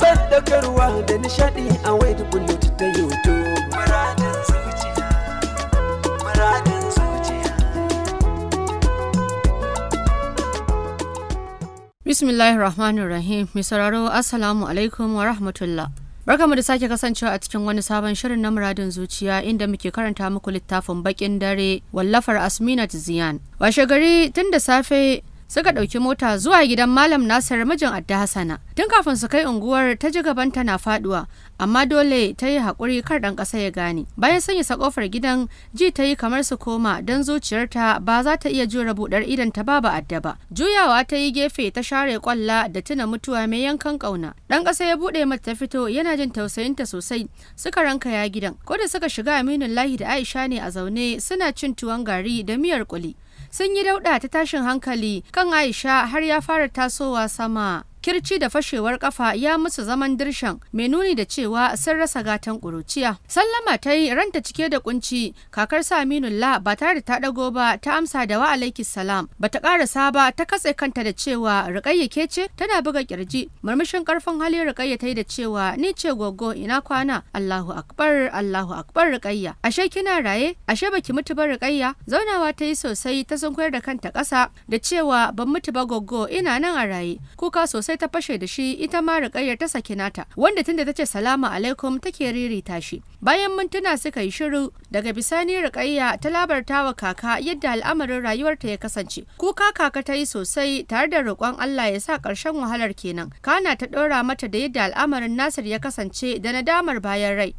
sadaukarwa da nishadi a wayar bullet ta muradin zuciya muradin zuciya bismillahir rahmanir rahim mai sauraro assalamu alaikum wa rahmatullah Barkamu da sake kasancewa a cikin wani sabon shirin na muradin zuciya inda muke karanta muku littafin bakin dare wallafar Asminat Ziyan. Washe gari tun da safe suka ɗauki mota zuwa gidan malam nasir mijin adda hasana tun kafin su kai unguwar ta ji gaban tana faduwa amma dole ta yi haƙuri kar ɗan ƙasa ya gane bayan sanya sa ƙofar gidan ji ta yi kamar su koma don zuciyarta ba za ta iya jure buɗar idan ta babu adda ba juyawa ta yi gefe ta share ƙwalla da tuna mutuwa mai yankan ƙauna ɗan ƙasa ya buɗe mata ta fito yana jin tausayinta sosai suka ranka ya gidan ko da suka shiga aminu lahi da aisha ne a zaune suna cin tuwon gari da miyar ƙuli sun yi dauɗa ta tashin hankali kan Aisha har ya fara tasowa sama. kirci da fashewar kafa ya musu zaman dirshan mai nuni da cewa sun rasa gatan ƙuruciya sallama ta yi ranta cike da kunci kakar La ba tare da ta dago ba ta amsa da wa alaikis salam ta karasa ba ta katse kanta da cewa rikayya ke ce tana buga kirji murmushin karfin hali rikayya ta yi da cewa ni ce gogo ina kwana allahu akbar allahu akbar rikayya ashe kina raye ashe baki mutu ba rikayya zaunawa ta yi sosai ta koyar da kanta ƙasa da cewa ban mutu ba gogo ina nan a raye kuka sosai sai ta fashe da shi ita ma riƙayyar ta saki nata wanda tunda ta ce salamu alaikum take ririta shi bayan mintuna suka yi shiru daga bisani riƙayya ta labarta wa kaka yadda al'amarin rayuwarta ya kasance kuka kaka ta yi sosai tare da roƙon Allah ya sa ƙarshen wahalar kenan kana ta ɗora mata da yadda al'amarin Nasir ya kasance da nadamar bayan rai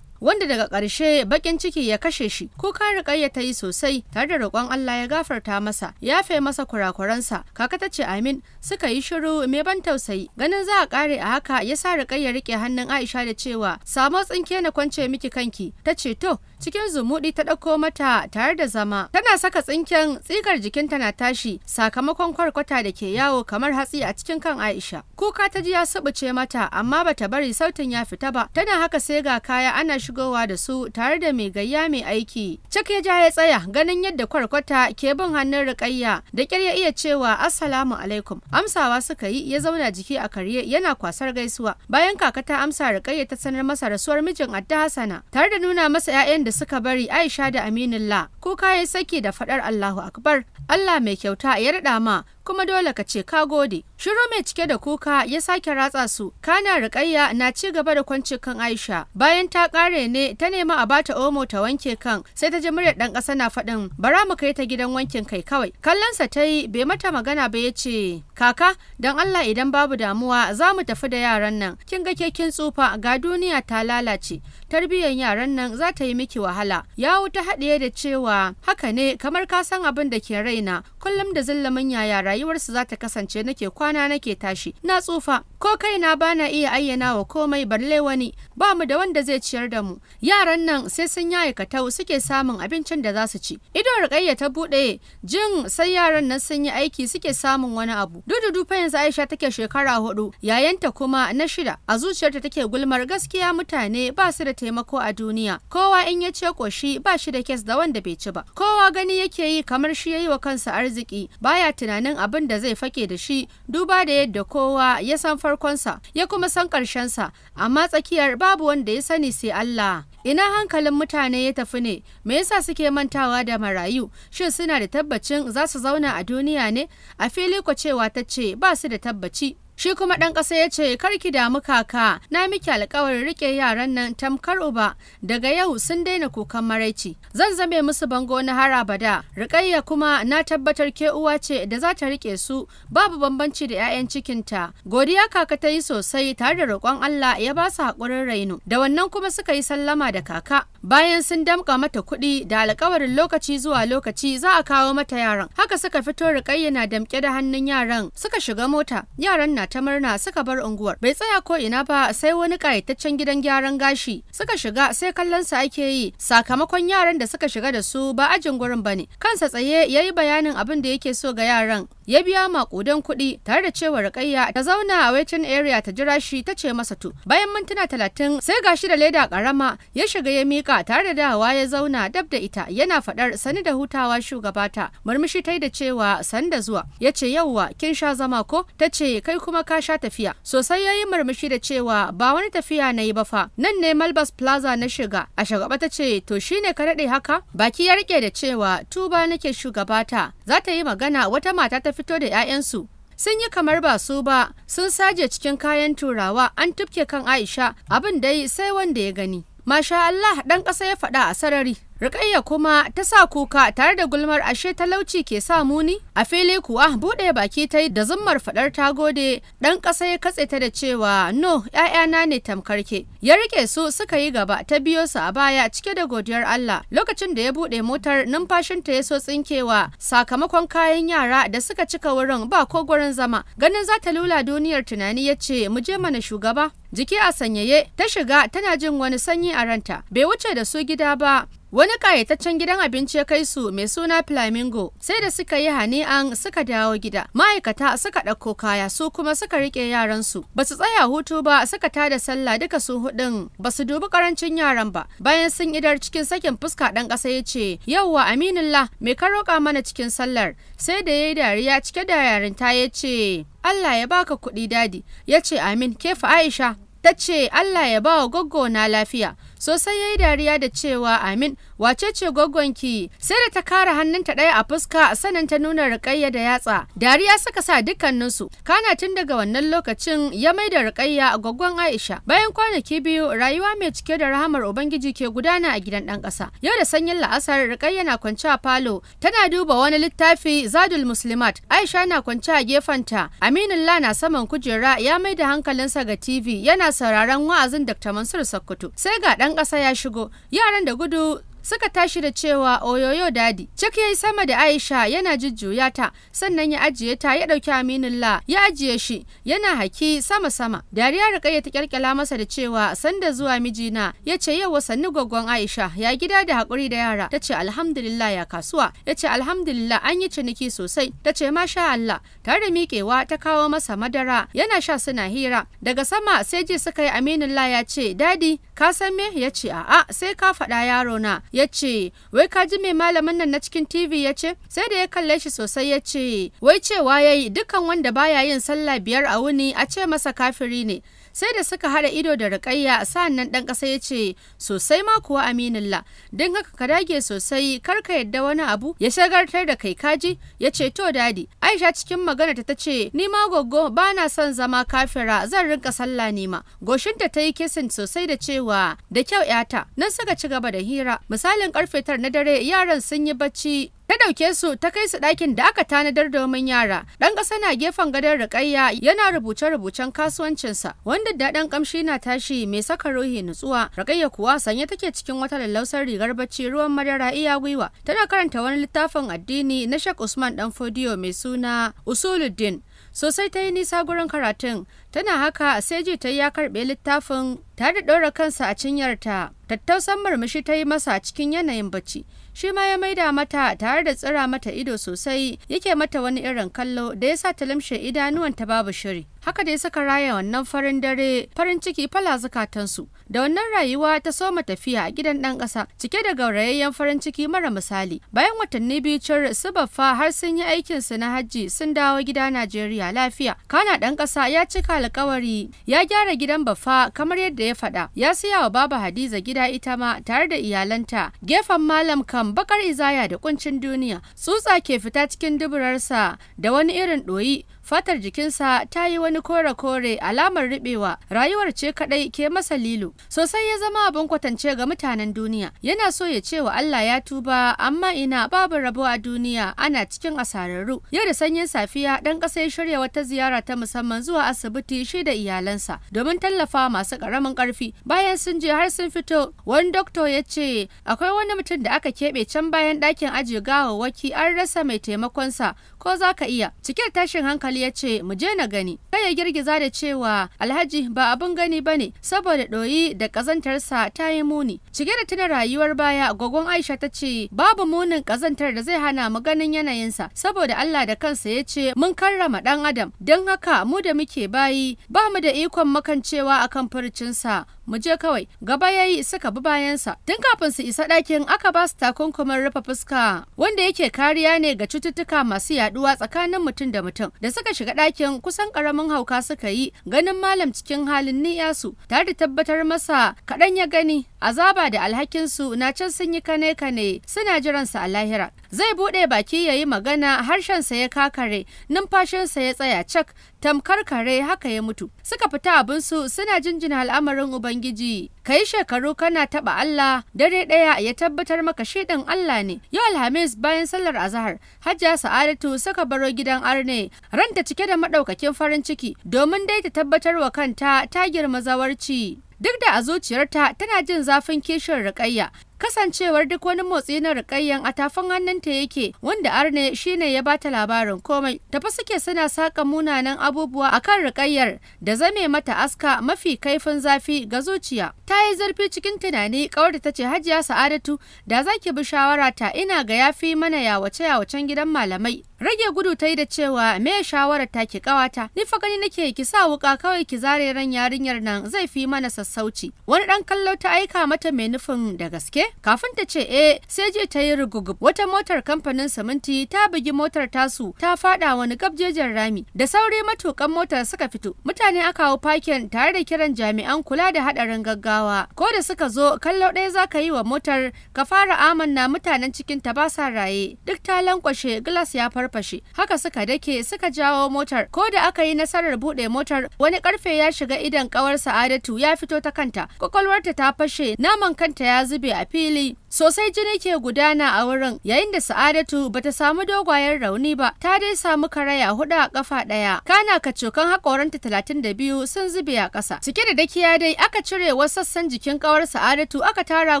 wanda daga ƙarshe bakin ciki ya kashe shi ko kare ƙayya ta yi sosai tare da roƙon Allah ya gafarta masa yafe masa kurakuransa kaka ta ce amin suka yi shiru me ban tausayi ganin za a ƙare a haka ya sa riƙayya riƙe hannun Aisha da cewa samo tsinke na kwance miki kanki ta ce to cikin zumudi ta ɗauko mata tare da zama tana saka tsinken tsigar jikinta na tashi sakamakon kwarkwata da ke yawo kamar hatsi a cikin kan Aisha kuka ta ji ya subuce mata amma bata bari sautin ya fita ba tana haka sai ga kaya ana shigowa da su tare da mai gayya mai aiki cak ya ja ya tsaya ganin yadda kwarkwata ke bin hannun riƙayya da ƙyar ya iya cewa assalamu alaikum amsawa suka yi ya zauna jiki a karye yana kwasar gaisuwa bayan kaka ta amsa riƙayya ta sanar masa rasuwar mijin Adda Hassana tare da nuna masa ƴaƴan da suka bari Aisha da Aminullah kuka ya saki da faɗar Allahu Akbar, Allah mai kyauta ya raɗa ma kuma dole ka ce ka gode. Shiru mai cike da kuka ya sake ratsa su, kana riƙayya na ci gaba da kwance kan Aisha. Bayan ta ƙare ne ta nema a bata omo ta wanke kan, sai ta ji muryar ɗan ƙasa na faɗin bara mu kai ta gidan wankin kai kawai. Kallonsa ta yi bai mata magana ba ya ce, Kaka, don Allah idan babu damuwa za mu tafi da yaran nan. Kin ga kekin tsufa ga duniya ta lalace. Tarbiyyar yaran nan za ta yi miki wahala. Yawu ta haɗiye da cewa haka ne kamar ka san abin da ke raina kullum da zillamin yaya rayuwarsu za ta kasance nake kwana nake tashi na tsufa ko kaina bana iya ayyana wa komai balle wani ba mu da wanda zai ciyar da mu yaran nan sai sun yi katau suke samun abincin da za su ci ido rikayya ta buɗe jin sai yaran nan sun yi aiki suke samun wani abu dudu dufa yanzu aisha take shekara hudu yayanta kuma na shida a zuciyarta take gulmar gaskiya mutane ba su da taimako a duniya kowa in ya ce koshi ba shi da kes da wanda bai ci abinci ba kowa gani yake yi kamar shi ya yi wa kansa arziki baya tunanin abin da zai fake da shi duba da yadda kowa ya san farkonsa ya kuma san karshen sa amma tsakiyar babu wanda ya sani sai Allah ina hankalin mutane ya tafi ne me yasa suke mantawa da marayu shin suna da tabbacin za su zauna a duniya ne a fili cewa ta ce ba su da tabbaci Shi kuma ɗan ƙasa ya ce karki damu kaka na miki alƙawarin riƙe yaran nan tamkar uba daga yau sun daina kukan maraici. Zan zame musu bango na abada. Rikayya kuma na tabbatar ke uwa ce da za ta riƙe su babu bambanci da 'ya'yan cikinta. Godiya kaka ta yi sosai tare da roƙon Allah ya ba su haƙurin raino. Da wannan kuma suka yi sallama da kaka. bayan sun damƙa mata kuɗi da alƙawarin lokaci zuwa lokaci za a kawo mata yaran haka suka fito riƙayya na damƙe da hannun yaran suka shiga mota yaran na ta murna suka bar unguwar bai tsaya ko ina ba sai wani ƙayataccen gidan gyaran gashi suka shiga sai kallon sa ake yi sakamakon yaran da suka shiga da su ba ajin gurin bane kansa tsaye yayi bayanin abin da yake so ga yaran ya biya maƙudan kuɗi tare da cewa Rukayya ta zauna a waiting area ta jira shi ta ce masa to bayan mintuna talatin sai gashi da leda karama ya shiga ya mi mika tare da dawa ya zauna dab da ita yana faɗar sani da hutawa shugabata murmushi ta da cewa da zuwa ya ce yauwa kin sha zama ko ta ce kai kuma ka sha tafiya sosai ya yi murmushi da cewa ba wani tafiya na yi ba fa nan ne malbas plaza na shiga a shagaba ta ce to shine ka daɗe haka baki ya rike da cewa tuba nake shugabata za ta yi magana wata mata ta fito da 'ya'yansu sun yi kamar ba su ba sun saje cikin kayan turawa an tufke kan aisha abin dai sai wanda ya gani Masha Allah ɗan ƙasa ya faɗa a sarari. Rukayya kuma ta sa kuka tare da gulmar ashe talauci ke sa muni? A fili kuwa buɗe baki ta yi da zummar faɗar ta gode ɗan ƙasa ya katse ta da cewa no ‘ya'yana ne tamkarke. Ya rike su suka yi gaba ta biyo su a baya cike da godiyar Allah lokacin da ya buɗe motar numfashinta ya so tsinkewa sakamakon kayan yara da suka cika wurin ba ko gurin zama ganin za ta lula duniyar tunani ya ce mu je mana shugaba. Jiki a sanyaye ta shiga tana jin wani sanyi a ranta bai wuce da su gida ba Wani ƙayataccen gidan abinci ya kai su mai suna Flamingo sai da suka yi hani'an suka dawo gida. Ma'aikata suka ɗauko kaya su kuma suka riƙe yaransu. Ba su tsaya hutu ba suka tada sallah duka su huɗun. ba su dubi ƙarancin yaran ba. Bayan sun idar cikin sakin fuska ɗan ƙasa ya ce yauwa aminullah me ka roƙa mana cikin sallar sai da ya yi dariya cike da yarinta ya ce Allah ya baka kuɗi dadi ya ce amin kefa Aisha ta ce Allah ya ba wa goggo na lafiya. sosai ya yi dariya da cewa amin Wacece ce gwaggonki sai da ta kara hannunta ɗaya a fuska sanin ta nuna rikayya da yatsa dariya suka sa dukkaninsu kana tun daga wannan lokacin ya mai da rikayya a gwaggon aisha bayan kwanaki biyu rayuwa mai cike da rahamar ubangiji ke gudana a gidan ɗan ƙasa yau da sanyin la'asar rikayya na kwance a falo tana duba wani littafi zadul muslimat aisha na kwance a gefenta aminullah na saman kujera ya mai da hankalinsa ga tv yana sauraron wa'azin dr mansur sokoto sai ga ɗan ƙasa ya shigo yaran da gudu suka tashi da cewa oyoyo dadi cik ya yi sama da aisha yana jujjuya ta sannan ya ajiye ta ya ɗauki aminullah ya ajiye shi yana haki sama sama dariya rikayya ta kyalkyala masa da cewa sanda zuwa mijina ya ce yau wasanni gwaggon aisha ya gida da haƙuri da yara ta ce alhamdulillah ya kasuwa ya ce alhamdulillah an yi ciniki sosai ta ce masha allah tare da miƙewa ta kawo masa madara yana sha suna hira daga sama sai ji suka yi aminullah ya ce dadi ka san me ya ce a'a sai ka faɗa yaro na ya ce wai ka ji mai malamin nan na cikin tv ya ce sai da ya kalle shi sosai ya ce wai cewa ya yi dukkan wanda baya yin sallah biyar a wuni a ce masa kafiri ne sai da suka hada ido da rikayya sa'an nan dan kasa yace sosai ma kuwa aminillah don haka ka dage sosai kar ka yadda wani abu ya shagartar da kai kaji ya ce to dadi aisha cikin magana ta tace ni ma goggo ba na son zama kafira zan rinka sallah ne ma goshinta ta yi kisin sosai da cewa da kyau yata nan suka ci gaba da hira misalin karfe tar na dare yaran sun yi bacci ta ɗauke su ta kai su ɗakin da aka tanadar domin yara ɗan ƙasa na gefen gadon rakayya yana rubuce-rubucen kasuwancinsa wanda daɗin ƙamshi na tashi mai saka ruhi nutsuwa rakayya kuwa sanye take cikin wata lallausar rigar bacci ruwan madara iya gwiwa tana karanta wani littafin addini na shek usman dan fodiyo mai suna usuluddin sosai ta yi nisa gurin karatun tana haka sai ji ta ya karɓe littafin ta da ɗora kansa a cinyarta tattausan murmushi ta yi masa a cikin yanayin bacci shi ma ya maida mata tare da tsira mata ido sosai yake mata wani irin kallo da ya sa ta lamshe idanuwanta babu shiri haka dai suka raya wannan farin dare farin ciki fala zukatansu da wannan rayuwa ta soma tafiya a gidan ɗan ƙasa cike da gaurayayyen farin ciki mara misali bayan watanni biyu cin su baffa har sun yi aikin su na hajji sun dawo gida Najeriya lafiya kana ɗan ƙasa ya cika alƙawari ya gyara gidan baffa kamar yadda ya faɗa ya siya wa baba Hadiza gida ita ma tare da iyalanta gefen malam kan bakar izaya da kuncin duniya tsutsa ke fita cikin duburarsa da wani irin doyi. fatar jikinsa ta yi wani kore-kore alamar ruɓewa rayuwar ce kaɗai ke masa lilo sosai ya zama abin kwatance ga mutanen duniya yana so ya ce wa Allah ya tuba amma ina babu rabo a duniya ana cikin asararru yau da sanyin safiya dan ƙasa ya shirya wata ziyara ta musamman zuwa asibiti shi da iyalansa domin tallafa masu karamin karfi bayan sun je har sun fito wani doktor ya ce akwai wani mutum da aka keɓe can bayan ɗakin ajiye gawawwaki an rasa mai taimakonsa ko za ka iya cikin tashin hankali ya ce mu je na gani kai ya girgiza da cewa alhaji ba abun gani bane saboda ɗoyi da ƙazantarsa ta yi muni cike da tuna rayuwar baya gogon aisha ta ce babu munin ƙazantar da zai hana mu ganin yanayinsa saboda allah da kansa ya ce mun karrama ɗan adam don haka mu da muke bayi ba mu da ikon makancewa akan furcinsa mu je kawai gaba yayi suka bi bayansa tun kafin su isa ɗakin aka ba su takunkumin rufe fuska wanda yake kariya ne ga cututtuka masu yaduwa tsakanin mutum da mutum da suka shiga ɗakin kusan ƙaramin hauka suka yi ganin malam cikin halin niyasu tare da tabbatar masa kaɗan ya gani azaba da alhakinsu na can sun yi kane-kane suna jiransa a lahira zai buɗe baki ya yi magana sa ya kakare numfashinsa ya tsaya cak tamkar kare haka ya mutu suka fita abinsu suna jinjina al'amarin ubangiji ka yi shekaru kana taɓa Allah dare ɗaya ya tabbatar maka shi ɗin Allah ne yau alhamis bayan sallar azahar hajja sa'adatu suka baro gidan arne ranta cike da maɗaukakin farin ciki domin dai ta tabbatar wa kanta ta girma zawarci duk da a zuciyarta tana jin zafin kishin rikayya kasancewar duk wani motsi na rikayyan a tafin hannunta yake wanda arne shine ya bata labarin komai tafi suke suna saka munanan abubuwa akan rikayyar da zame mata aska mafi kaifin zafi ga zuciya ta yi zurfi cikin tunani kawar da ta ce hajiya sa'adatu da zaki bi shawara ta ina ga yafi mana yawace yawacen gidan malamai rage gudu ta yi da cewa me shawara ta ki kawata ni fa gani nake ki sa wuka kawai ki zare ran yarinyar nan zai fi mana sassauci wani dan kallo ta aika mata mai nufin da gaske Kafin ta ce eh sai je ta yi rugugub. Wata motar kamfanin siminti ta bugi motar tasu ta fada wani gabjejen rami. Da sauri matukan motar suka fito. Mutane aka hau fakin tare da kiran jami'an kula da hadarin gaggawa. Ko da suka zo kallo ɗaya za ka yi wa motar ka fara amanna mutanen cikin ta ba sa raye. Duk ta lankwashe glass ya farfashe. Haka suka dake suka jawo motar. Ko da aka yi nasarar buɗe motar wani karfe ya shiga idan kawar Sa'adatu ya fito ta kanta. Kwakwalwarta ta fashe naman kanta ya zube a fi 距离。sosai jini ke gudana a wurin yayin da sa'adatu bata samu dogwayen rauni ba ta dai samu karaya hudu a kafa daya kana kacokan hakoranta talatin da biyu sun zube a kasa cike da dakiya dai aka cire wasu sassan jikin kawar sa'adatu aka tara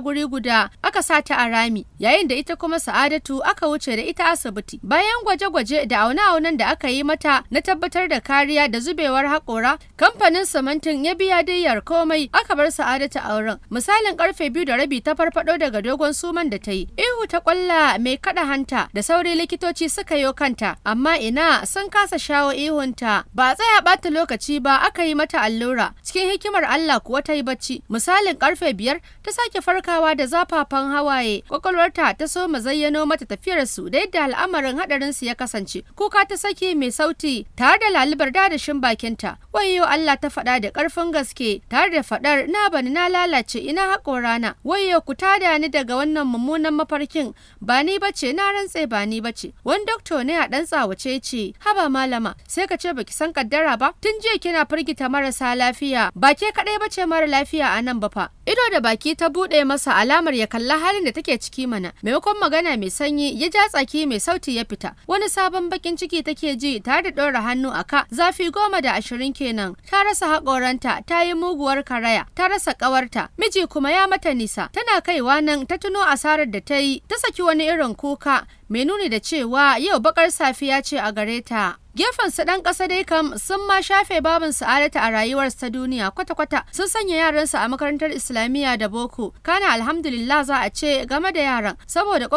guri guda aka sa ta a rami yayin da ita kuma sa'adatu aka wuce da ita asibiti bayan gwaje-gwaje da aune-aunen da aka yi mata na tabbatar da kariya da zubewar hakora kamfanin simintin ya biya diyyar komai aka bar sa'adatu a wurin misalin karfe biyu da rabi ta farfado daga dogon suman da ta yi ihu ta kwalla mai kada hanta da sauri likitoci suka yo kanta amma ina sun kasa shawo ihunta ba tsaya bata lokaci ba aka yi mata allura cikin hikimar Allah kuwa ta yi bacci misalin karfe biyar ta sake farkawa da zafafan hawaye kwakwalwarta ta so mu zayyano mata tafiyar su da yadda al'amarin hadarin su ya kasance kuka ta saki mai sauti tare da lalibar dadashin bakinta wayo Allah ta faɗa da karfin gaske tare da faɗar na bani na lalace ina rana. wayo ku tada ni daga wannan mummunan mafarkin ba ni bace na rantse ba ni bace wani dokto ne a ɗan tsawace ce haba malama sai ka ce baki san kaddara ba tun jiya kina firgita marasa lafiya lafiya ba ke kaɗai ba ce mara lafiya a nan ba fa ido da baki ta buɗe masa alamar ya kalla halin da take ciki mana maimakon magana mai sanyi ya ja tsaki mai sauti ya fita wani sabon bakin ciki take ji tare da ɗora hannu a ka zafi goma da ashirin kenan ta rasa haƙoranta ta yi muguwar karaya ta rasa ƙawarta miji kuma ya mata nisa tana kaiwa nan ta tuno asarar da ta yi ta saki wani irin kuka mai nuni da cewa yau bakar safiya ce a gare ta Gefen su ɗan ƙasa dai kam sun ma shafe babin sa'adata a rayuwar ta duniya kwata-kwata sun sanya yaransu a makarantar Islamiyya da boko. Kana alhamdulillah za a ce game da yaran saboda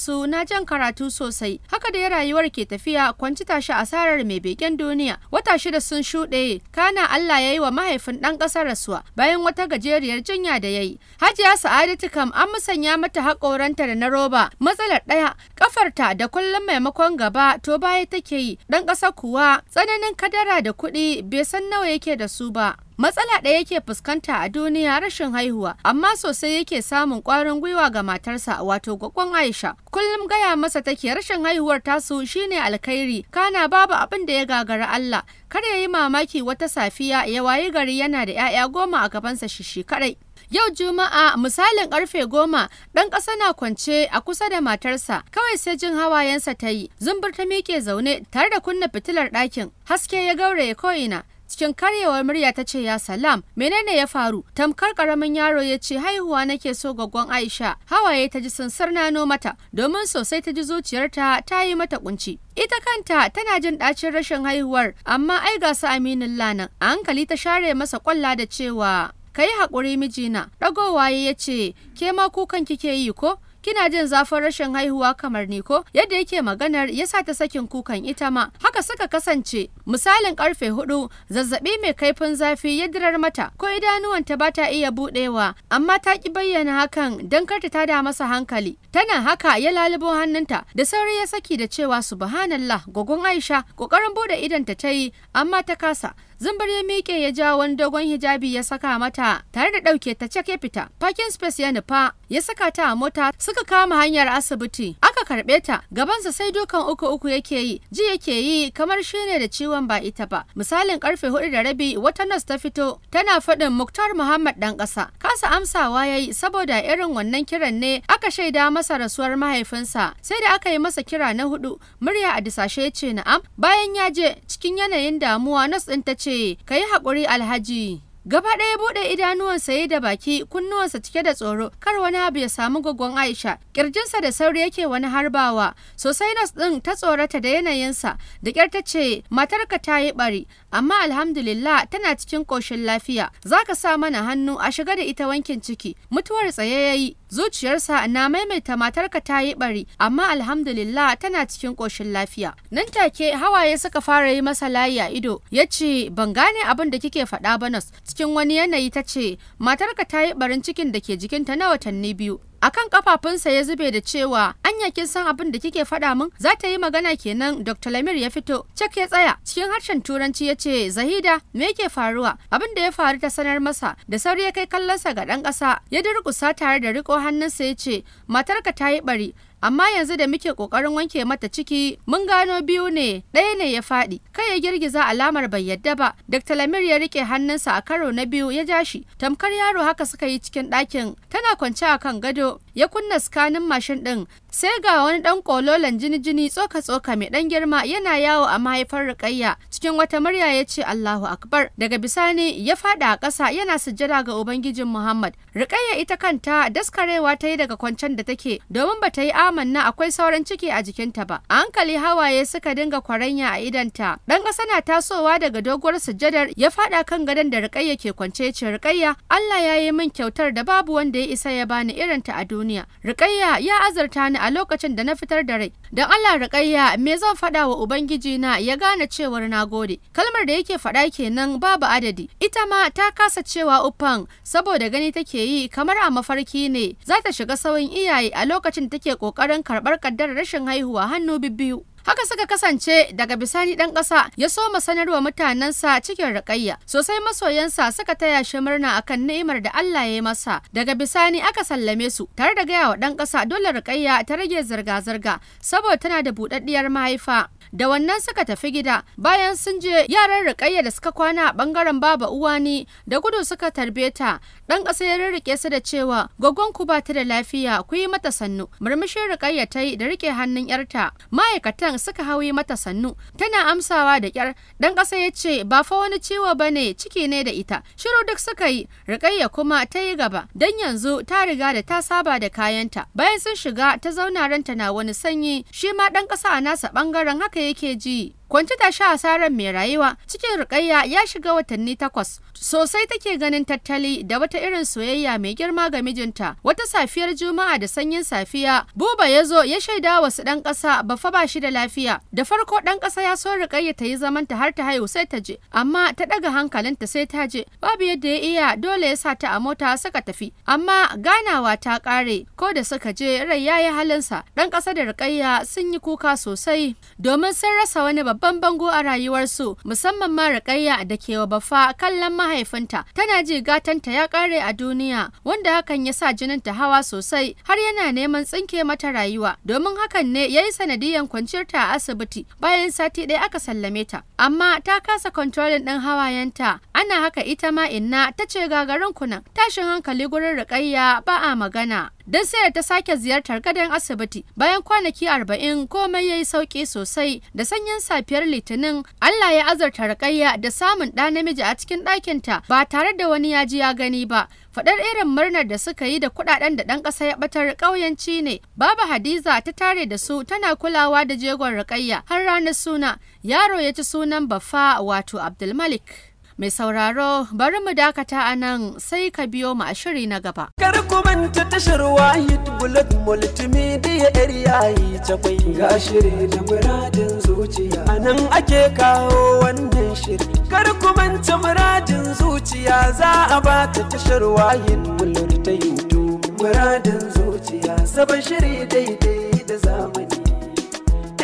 su na jan karatu sosai. Haka da rayuwar ke tafiya kwanci tashi asarar mai beken duniya. Wata shida sun shuɗe kana Allah ya yi wa mahaifin ɗan ƙasar rasuwa bayan wata gajeriyar jinya da yayi Hajiya Sa'adatu kam an musanya mata haƙoranta da na roba matsalar ɗaya ƙafarta da kullum maimakon gaba to baya take yi ɗan ƙasa ƙasa kuwa tsananin kadara da kuɗi bai san nawa yake da su ba. Matsala ɗaya yake fuskanta a duniya rashin haihuwa, amma sosai yake samun ƙwarin gwiwa ga matarsa wato gwaggon Aisha. Kullum gaya masa take rashin haihuwar tasu shine alkhairi, kana babu abin da ya gagara Allah. Kar ya yi mamaki wata safiya ya wayi gari yana da 'ya'ya goma a gabansa shishi kaɗai. Yau Juma'a misalin karfe goma ɗan ƙasa na kwance a kusa da matarsa kawai sai jin hawayensa ta yi zumbur ta miƙe zaune tare da kunna fitilar ɗakin haske ya gauraye ko'ina cikin karyewar murya ta ce ya salam menene ya faru tamkar karamin yaro ya ce haihuwa nake so gwaggon aisha hawaye ta ji sansar nano mata domin sosai ta ji zuciyarta ta yi mata kunci ita kanta tana jin ɗacin rashin haihuwar amma ai ga su aminin lanan a hankali ta share masa kwalla da cewa ka yi haƙuri mijina ɗagowa ya ce ke ma kukan kike yi ko kina jin zafin rashin haihuwa kamar ni ko yadda yake maganar ya sa ta sakin kukan ita ma haka suka kasance misalin karfe hudu zazzabi mai kaifin zafi ya dirar mata ko idanuwanta ba ta iya budewa amma ta ki bayyana hakan don karta ta da masa hankali tana haka ya lalubo hannunta da sauri ya saki da cewa subhanallah gogon aisha kokarin bude ta ta yi amma ta kasa Zumbar ya miƙe ya ja wani dogon hijabi ya saka mata tare da ɗauke ta cike fita. Parking space ya nufa ya saka ta a mota suka kama hanyar asibiti. Aka karɓe ta gabansa sai dukan uku uku yake yi ji yake yi kamar shi ne da ciwon ba ita ba. Misalin karfe hudu da rabi wata nas ta fito tana faɗin Muktar Muhammad ɗan ƙasa. Kasa amsawa ya yi saboda irin wannan kiran ne aka shaida masa rasuwar mahaifinsa sai da aka yi masa kira na hudu murya a disashe ce na'am bayan ya je cikin yanayin damuwa nas ɗin ta ce ce, Ka yi haƙuri alhaji. Gaba ɗaya buɗe idanuwansa ya da baki kunnuwansa cike da tsoro kar wani abu ya samu gwaggon Aisha. ƙirjinsa da sauri yake wani harbawa. Sosai nas ɗin ta tsorata da yanayinsa da ƙyar ta ce matarka ta yi ɓari amma alhamdulillah tana cikin ƙoshin lafiya za ka sa mana hannu a shiga da ita wankin ciki mutuwar tsaye ya yi zuciyarsa na maimaita matarka ta yi bari amma alhamdulillah tana cikin ƙoshin lafiya nan take hawaye suka fara yi masa layi a ido ya ce ban gane abin da kike faɗa ba nas cikin wani yanayi ta ce matarka ta yi barin cikin da ke jikinta na watanni biyu akan kafafunsa ya zube da cewa anya kin san abin da kike faɗa min za ta yi magana kenan Dr. Lamir ya fito cak ya tsaya cikin harshen turanci ya ce Zahida me yake faruwa abin da ya faru ta sanar masa da sauri ya kai kallonsa ga ɗan ƙasa ya durƙusa tare da riko hannunsa ya ce matarka ta yi bari amma yanzu da muke ƙoƙarin wanke mata ciki mun gano biyu ne ɗaya ne ya faɗi kai ya girgiza alamar bai yadda ba dr lamir ya rike hannunsa a karo na biyu ya ja shi tamkar yaro haka suka yi cikin ɗakin tana kwance a kan gado ya kunna skanin mashin ɗin sai ga wani ɗan kololan jini-jini tsoka-tsoka mai dan girma yana yawo a mahaifar rikayya cikin wata murya ya ce Allahu Akbar daga bisani ya faɗa a ƙasa yana sujjada ga Ubangijin Muhammad rikayya ita kanta daskarewa ta yi daga kwancen da take domin ba ta yi amanna akwai sauran ciki a jikinta ba a hankali hawaye suka dinga kwaranya a idanta ɗan ƙasa na tasowa daga doguwar sujjadar ya faɗa kan gadon da rikayya ke kwance ce rikayya Allah ya yi min kyautar da babu wanda ya isa ya bani irinta a duniya duniya rikayya ya azurta ni a lokacin da na fitar da rai don allah rikayya me zan faɗa wa ubangiji na ya gane cewar na gode kalmar da yake faɗa kenan babu adadi ita ma ta kasa cewa uffan saboda gani take yi kamar a mafarki ne za ta shiga sauyin iyaye a lokacin take ƙoƙarin karɓar ƙaddarar rashin haihuwa hannu bibbiyu haka suka kasance daga bisani ɗan ƙasa ya soma sanarwa mutanensa cikin raƙayya sosai masoyansa suka taya shi murna akan ni'imar da Allah ya yi masa daga bisani aka sallame su tare da gaya wa dan ƙasa dole raƙayya ta rage zirga-zirga saboda tana da buɗaɗɗiyar mahaifa da wannan suka tafi gida bayan sun je yaran riƙayya da suka kwana a bangaren baba uwani da gudu suka tarbe ta Dan ƙasa ya rirrike su da cewa gogon ku ba ta da lafiya ku yi mata sannu. Murmushin riƙayya ta yi da rike hannun yarta. Ma'aikatan suka hawi mata sannu. Tana amsawa da kyar. ɗan ƙasa ya ce ba fa wani ciwo ba ne ciki ne da ita. Shiru duk suka yi. riƙayya kuma ta yi gaba. Dan yanzu ta riga da ta saba da kayanta. Bayan sun shiga ta zauna ranta na wani sanyi. Shi ma dan ƙasa a nasa ɓangaren haka yake ji. Kwanci ta sha asarar mai rayuwa cikin rikayya ya shiga watanni takwas. Sosai take ganin tattali da wata irin soyayya mai girma ga mijinta. Wata safiyar Juma'a da sanyin safiya, Buba ya zo ya shaida wa su ɗan ƙasa ba fa ba shi da lafiya. Da farko ɗan ƙasa ya so rikayya ta yi zaman ta har ta haihu sai ta je, amma ta ɗaga hankalinta sai ta je. Babu yadda ya iya dole ya sa ta a mota suka tafi. Amma ganawa ta ƙare ko da suka je rai ya yi halinsa. Ɗan ƙasa da rikayya sun yi kuka sosai domin sun rasa wani babba babban bango a rayuwarsu musamman ma Rakayya da ke wa bafa kallon mahaifinta tana ji gatanta ya kare a duniya wanda hakan ya sa jininta hawa sosai har yana neman tsinke mata rayuwa domin hakan ne ya yi sanadiyan kwanciyar ta a asibiti bayan sati ɗaya aka sallame ta amma ta kasa kontrolin ɗin hawayenta ana haka ita ma inna ta ce gagarin kunan tashin hankali gurin Rakayya ba a magana don sai ta sake ziyartar gadon asibiti bayan kwanaki arba'in komai ya yi sauki sosai da sanyin safiyar litinin allah ya azarta raƙayya da samun ɗa namiji a cikin ɗakinta ba tare da wani ya ji ya gani ba faɗar irin murnar da suka yi da kuɗaɗen da ɗan ƙasa ya ɓatar ƙauyenci ne baba hadiza ta tare da su tana kulawa da jegon raƙayya har ranar suna yaro ya ci sunan baffa wato abdulmalik Mai sauraro bari mu dakata a nan sai ka biyo mu a shiri na gaba. Kar ku manta tashar Wahid Bullet Multimedia Area yi takwai. Ga shiri da muradin zuciya. A nan ake kawo wannan shiri. Kar ku manta muradin zuciya za a ba ta tashar Wahid Bullet ta YouTube. Muradin zuciya sabon shiri daidai da zamani.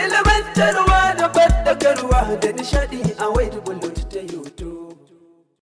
Ilimantarwa da faɗakarwa da nishaɗi a Wahid